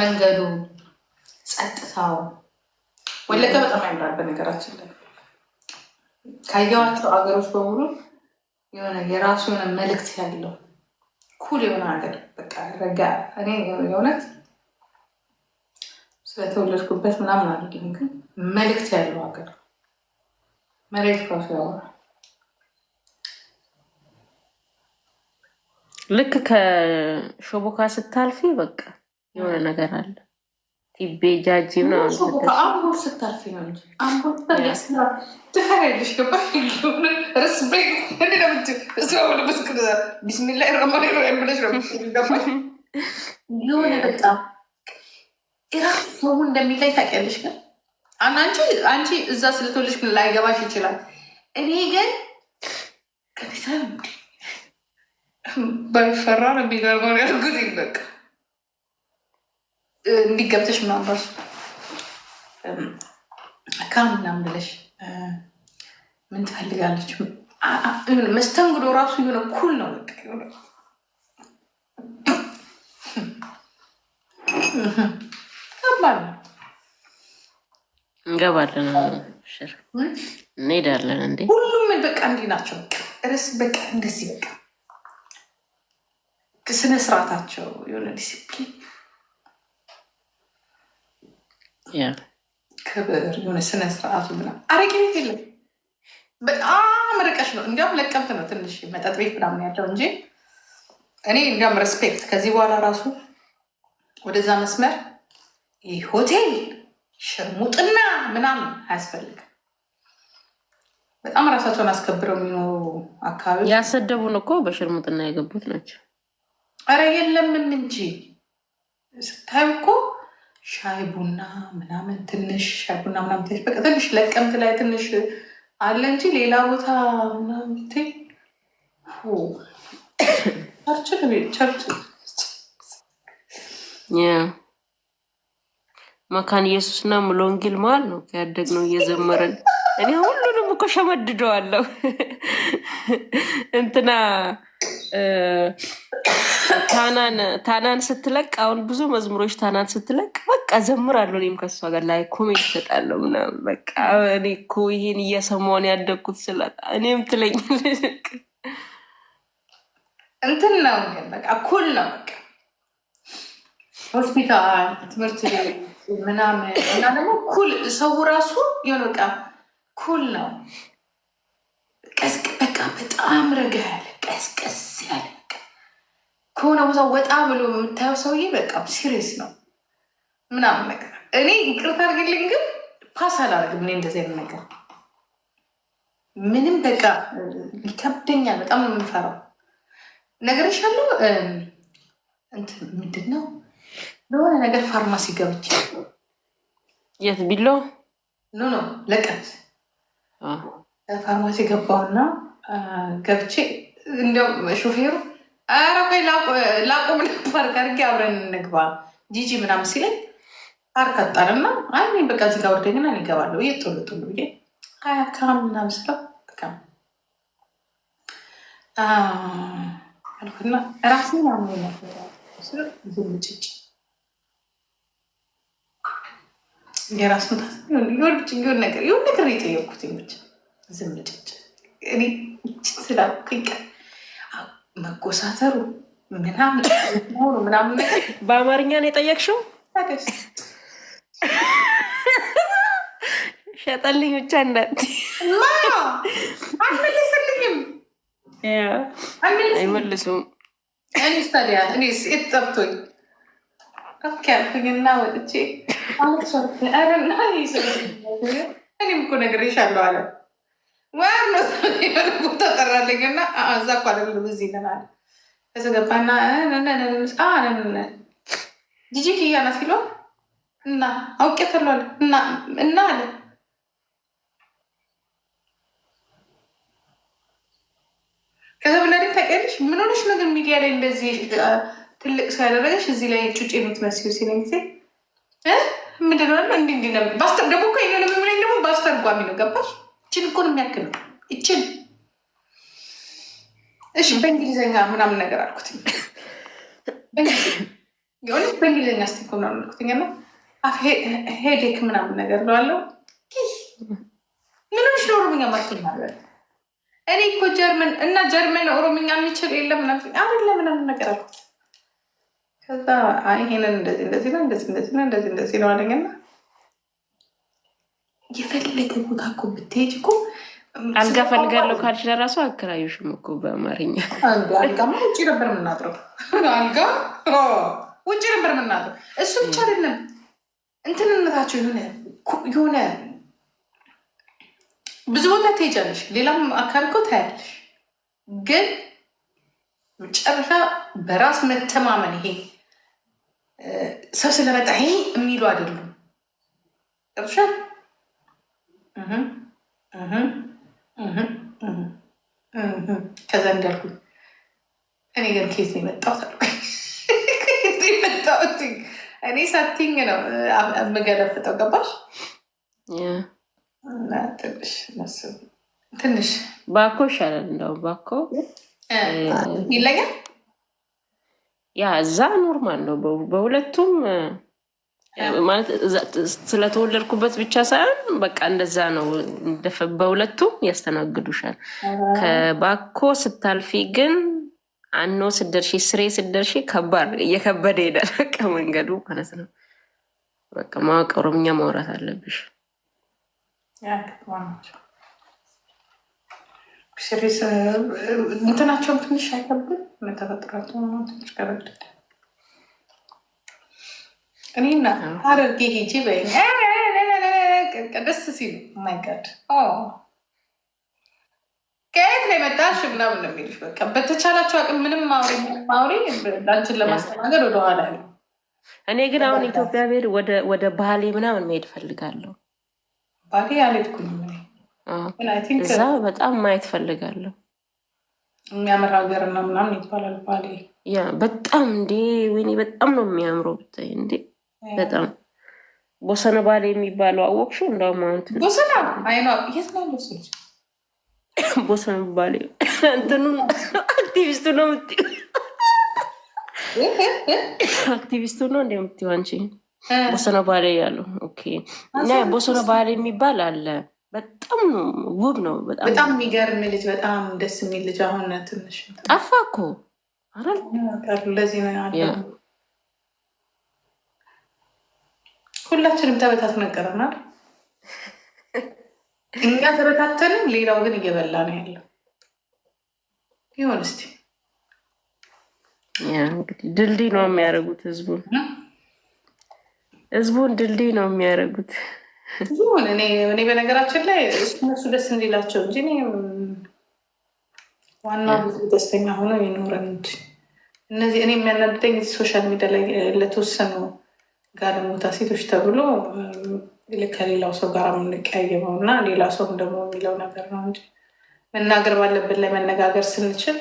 መንገዱ፣ ጸጥታው ወለጋ በጣም ያምራል። በነገራችን ላይ ካየኋቸው አገሮች በሙሉ የሆነ የራሱ የሆነ መልእክት ያለው ኩል የሆነ ሀገር በቃ ረጋ። እኔ የእውነት ስለተወለድኩበት ምናምን አድርግኝ፣ ግን መልእክት ያለው ሀገር መሬት ራሱ ያወራል። ልክ ከሾቦካ ስታልፊ በቃ የሆነ ነገር አለ። ቲቤ ጃጂ ነው አንቺ እዛ ስለተወለድሽ ግን ላይገባሽ ይችላል። እኔ ግን ባይፈራ ነው የሚገርመው ያልኩት በቃ እንዲህ ገብተሽ ምናምን ካ ምናምን ብለሽ ምን ትፈልጋለች? መስተንግዶ ራሱ የሆነ ኩል ነው። በቃ የሆነ ከባድ እንሄዳለን። እንዴ ሁሉም በቃ እንዲህ ናቸው። እርስ በቃ እንደዚህ በቃ ስነ የሆነ ዲሲፕሊን ክብር የሆነ ስነስርዓቱ ምናምን አረቄ ቤት የለም። በጣም ርቀሽ ነው። እንዲያውም ለቀምት ነው ትንሽ መጠጥ ቤት ምናምን ያለው እንጂ እኔ እንዲያውም ሬስፔክት ከዚህ በኋላ ራሱ ወደዛ መስመር ይህ ሆቴል ሽርሙጥና ምናምን አያስፈልግም። በጣም ራሳቸውን አስከብረው የሚኖሩ አካባቢ ያሰደቡን እኮ በሽርሙጥና የገቡት ናቸው። አረ የለምም እንጂ ስታዩ እኮ ሻይ ቡና ምናምን ትንሽ ሻይ ቡና ምናምን ትንሽ በቃ ትንሽ ለቀምት ላይ ትንሽ አለ እንጂ ሌላ ቦታ ምናምን መካን ኢየሱስ እና ሙሉ ወንጌል መሀል ነው ያደግነው እየዘመረን እኔ ሁሉንም እኮ ሸመድደዋለሁ እንትና ታናን ታናን ስትለቅ አሁን ብዙ መዝሙሮች ታናን ስትለቅ በቃ ዘምራለሁ። እኔም ከሷ ጋር ላይ ኮሜንት ይሰጣለሁ ምናምን በቃ እኔ እኮ ይሄን እየሰማሁን ያደግኩት ስላት እኔም ትለኝ እንትን ነው ግን በቃ ኩል ነው በቃ ሆስፒታል፣ ትምህርት ቤት ምናምን እና ደግሞ ኩል ሰው ራሱ የሆነ በቃ ኩል ነው። ቀስቅ በቃ በጣም ረጋ ያለ ቀስቀስ ያለ ከሆነ ቦታ ወጣ ብሎ የምታየው ሰውዬ በቃ ሲሪየስ ነው ምናምን ነገር። እኔ ይቅርታ አድርግልኝ፣ ግን ፓስ አላደርግም። እኔ እንደዚህ አይነት ነገር ምንም በቃ ይከብደኛል። በጣም ነው የምንፈራው። ነግሬሻለሁ፣ እንትን ምንድን ነው ለሆነ ነገር ፋርማሲ ገብቼ የት ቢሎ ኖ ኖ ለቀት ፋርማሲ ገባውና ገብቼ እንዲያውም ሾፌሩ ኧረ ቆይ ላቁም ነበር ቀርጌ አብረን እንግባ ጂጂ ምናምን ሲለኝ አርካጣንና አይ በቃ እዚህ ጋ ወርደኝና ይገባለሁ የጥሉ ብዬ አያካም ምናምን ስለው አልኩና ራሴ ጭጭ የራስ ምታት ሊወድጭ ነገር ይሁን ነገር የጠየኩት እኔ ስላ ይቀር መጎሳተሩ ምናምን ምናምን በአማርኛ ነው የጠየቅሽው። ሸጠልኝ ብቻ እንዳት አንመልስልኝም፣ አይመልሱም። እኔስ ታዲያ እኔስ ጠብቶኝ ከፍ ወጥቼ አሁን እኔም እኮ ነግሬሻለሁ አለ ወር ነው ቦታ ጠራልኝ እና እዛ እኮ አይደለም እዚህ ይለናል። ከዚ ገባና ጂጂ ኪያ ናት ሲለው እና አውቄ ተሏል እና አለ ከዚ ብላዴ ታውቂያለሽ፣ ምን ሆነሽ ነው ግን ሚዲያ ላይ እንደዚህ ትልቅ ሰው ያደረገሽ እዚህ ላይ ጩጭ የምትመስዩ ሲለኝ ጊዜ ምንድን ነው እንዲህ እንዲህ ነው ባስተር ደግሞ እኮ ይሄ ነው ደግሞ ባስተርጓሚ ነው ገባሽ እችን እኮ ነው የሚያክል እችን። እሺ በእንግሊዝኛ ምናምን ነገር አልኩት። የሆነ በእንግሊዝኛ ስቲኮ ምናምን አልኩትኝ እና ሄዴክ ምናምን ነገር ለዋለው ምንሽ ነው ኦሮምኛ ማርኩኝ ነበር። እኔ እኮ ጀርመን እና ጀርመን ኦሮምኛ የሚችል የለም አለ ምናምን ነገር አልኩት። ከዛ ይሄንን እንደዚህ እንደዚህ ነው እንደዚህ እንደዚህ ነው እንደዚህ እንደዚህ ነው አለኝና የፈለገ ቦታ እኮ ብትሄጅ እኮ አልጋ ፈልጋለሁ ካልሽ ለራሱ አከራዩሽም እኮ በአማርኛ አልጋማ ውጭ ነበር የምናጥረው። አልጋ ውጭ ነበር የምናጥረው። እሱ ብቻ አይደለም እንትንነታቸው የሆነ የሆነ ብዙ ቦታ ትሄጃለሽ፣ ሌላም አካባቢ እኮ ታያለሽ። ግን ጨረሻ በራስ መተማመን ይሄ ሰው ስለመጣ ይሄ የሚሉ አይደሉም። ከዛ እንዳልኩ እኔ ግን ኬት ነው የመጣሁት የመጣሁት እኔ ሳቲኝ ነው የምገለፍጠው። ገባሽ? ትንሽ ትንሽ ባኮ ይሻላል። እንደው ባኮ ይለያል። ያ እዛ ኖርማል ነው በሁለቱም ማለት ስለተወለድኩበት ብቻ ሳይሆን በቃ እንደዛ ነው። በሁለቱም ያስተናግዱሻል። ከባኮ ስታልፊ ግን አኖ ስደርሺ ስሬ ስደርሺ ከባድ እየከበደ ሄዳል። በቃ መንገዱ ማለት ነው። በቃ ማወቅ ኦሮምኛ ማውራት አለብሽ። እንትናቸውም ትንሽ አይከብድም። ተፈጥሯቸው ትንሽ ከበድ እኔና ሐረርጌ ሄጄ ደስ ሲሉ ማይጋድ ከየት ምናምን ነው የሚልሽ። በቃ በተቻላቸው አቅም ምንም ማውሪ ማውሪ ለማስተናገድ ወደኋላ ነው። እኔ ግን አሁን ኢትዮጵያ ብሄድ ወደ ባሌ ምናምን መሄድ ፈልጋለሁ። እዛ በጣም ማየት ፈልጋለሁ። የሚያምር ሀገር ነው ምናምን ይባላል ያ በጣም እንዴ ወይኔ፣ በጣም ነው የሚያምረው ብታይ እንዴ በጣም ቦሰነ ባል የሚባለው አወቅሽው? እንደውም አሁን ቦሰና ቦሰነ ባል እንትኑ አክቲቪስቱ ነው ምት አክቲቪስቱ ነው እንደ ምት አንቺ ቦሰነ ባሌ ያለው እና ቦሰነ ባል የሚባል አለ። በጣም ውብ ነው። በጣም የሚገርም ልጅ፣ በጣም ደስ የሚል ልጅ። አሁን ትንሽ ጠፋ እኮ ሁላችንም ተበታትነን ቀረናል። እኛ ተበታተንን፣ ሌላው ግን እየበላ ነው ያለው። ይሆን እስኪ ድልድይ ነው የሚያደርጉት ህዝቡን ህዝቡን ድልድይ ነው የሚያደርጉት። እኔ በነገራችን ላይ እነሱ ደስ እንዲላቸው እንጂ ዋናው ደስተኛ ሆኖ ይኖረን እንጂ እነዚህ እኔ የሚያናድደኝ ሶሻል ሚዲያ ላይ ለተወሰኑ ጋለሞታ ሴቶች ተብሎ ከሌላው ሰው ጋር የምንቀያየመው እና ሌላ ሰውም ደግሞ የሚለው ነገር ነው እንጂ መናገር ባለብን ላይ መነጋገር ስንችል